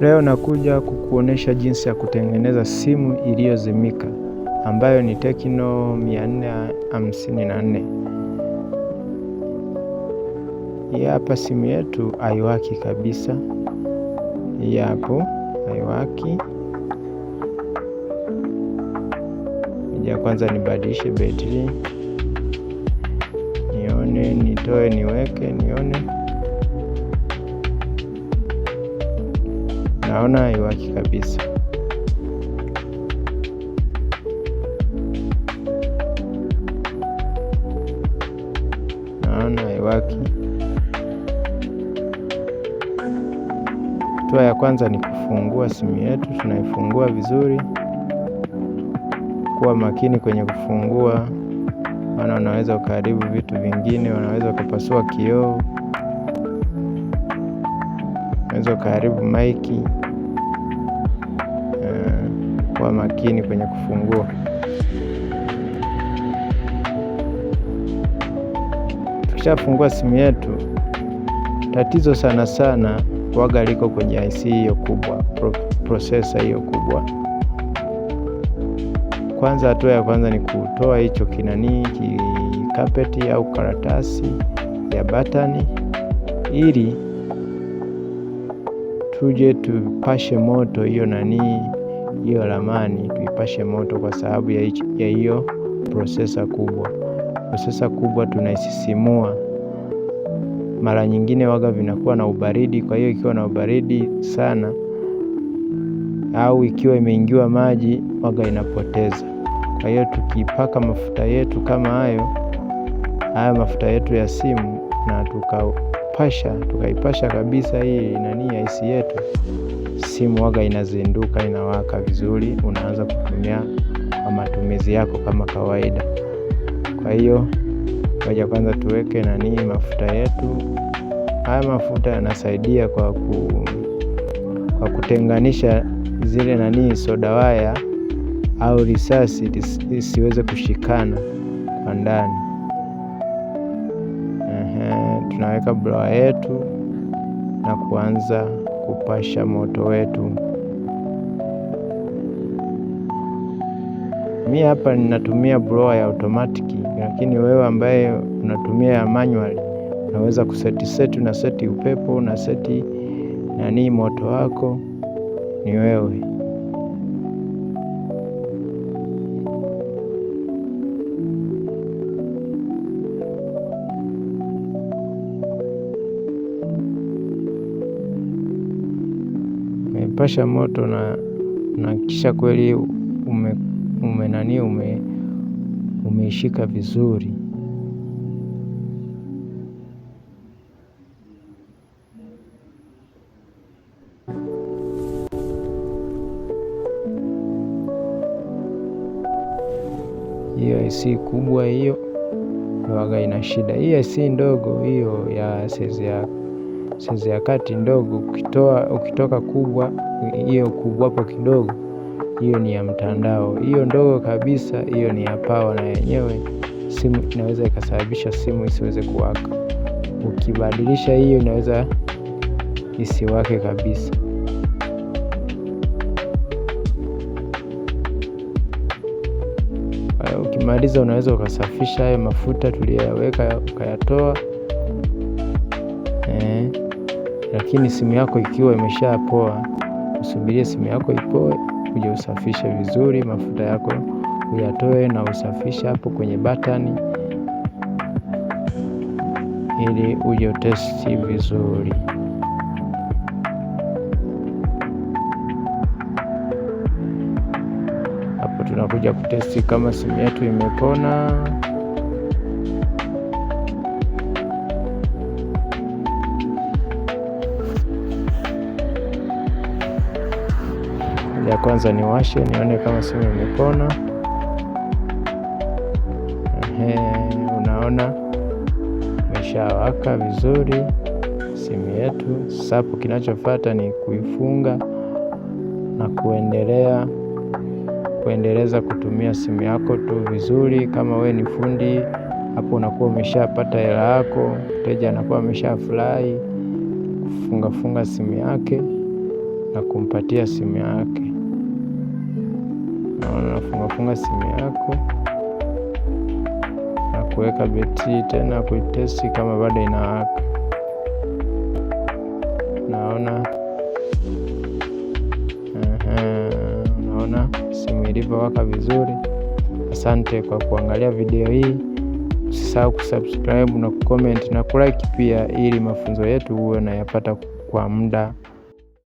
Leo nakuja kukuonesha jinsi ya kutengeneza simu iliyozimika ambayo ni Tecno 454. Hii hapa simu yetu haiwaki kabisa, hii hapo haiwaki. Ya kwanza nibadilishe betri, nione nitoe, niweke, nione haona haiwaki kabisa. Naona haiwaki. Hatua ya kwanza ni kufungua simu yetu, tunaifungua vizuri. Kuwa makini kwenye kufungua, maana unaweza ukaharibu vitu vingine, unaweza ukapasua kioo, unaweza ukaharibu maiki kuwa makini kwenye kufungua. Tukishafungua simu yetu, tatizo sana sana waga liko kwenye IC hiyo kubwa, processor hiyo kubwa. Kwanza, hatua ya kwanza ni kutoa hicho kinani kikapeti au karatasi ya batani ili tuje tupashe moto hiyo nanii hiyo ramani tuipashe moto kwa sababu ya hiyo prosesa kubwa. Prosesa kubwa tunaisisimua, mara nyingine waga vinakuwa na ubaridi. Kwa hiyo ikiwa na ubaridi sana au ikiwa imeingiwa maji waga inapoteza. Kwa hiyo tukipaka mafuta yetu kama hayo haya mafuta yetu ya simu na tukapasha tukaipasha kabisa hii nani aisi yetu simu waga inazinduka inawaka vizuri, unaanza kutumia kwa matumizi yako kama kawaida. Kwa hiyo waja kwanza tuweke nani mafuta yetu. Haya mafuta yanasaidia kwa, ku, kwa kutenganisha zile nani soda waya au risasi isiweze kushikana kwa ndani. Tunaweka blower yetu na kuanza kupasha moto wetu. Mi hapa ninatumia blower ya automatiki, lakini wewe ambaye unatumia ya manual unaweza kuseti seti, una seti upepo, una seti nanii, moto wako ni wewe. umepasha moto na nahakikisha kweli ume, ume nani ume umeishika vizuri. Hiyo IC kubwa hiyo waga ina shida, hii IC ndogo hiyo ya size yako. Sensa ya kati ndogo, ukitoa ukitoka kubwa, hiyo kubwa hapo kidogo, hiyo ni ya mtandao. Hiyo ndogo kabisa, hiyo ni ya pawa, na yenyewe simu inaweza ikasababisha simu isiweze kuwaka. Ukibadilisha hiyo, inaweza isiwake kabisa. Ukimaliza unaweza ukasafisha hayo mafuta tuliyoyaweka ukayatoa lakini simu yako ikiwa imeshapoa, usubirie simu yako ipoe, uje usafishe vizuri, mafuta yako uyatoe na usafishe hapo kwenye batani, ili uje utesti vizuri. Hapo tunakuja kutesti kama simu yetu imepona. ya kwanza niwashe nione kama simu imepona. Ehe, unaona imeshawaka vizuri simu yetu. Sapu, kinachofuata ni kuifunga na kuendelea kuendeleza kutumia simu yako tu vizuri. Kama we ni fundi hapo, unakuwa umeshapata hela yako, mteja anakuwa ameshafurahi kufungafunga simu yake na kumpatia simu yake unafungafunga simu yako na kuweka beti tena kuitesti kama bado inawaka. Naona naona simu ilivyowaka vizuri. Asante kwa kuangalia video hii. Usisahau kusubscribe na kucomment na kulike pia, ili mafunzo yetu huwe nayapata kwa muda.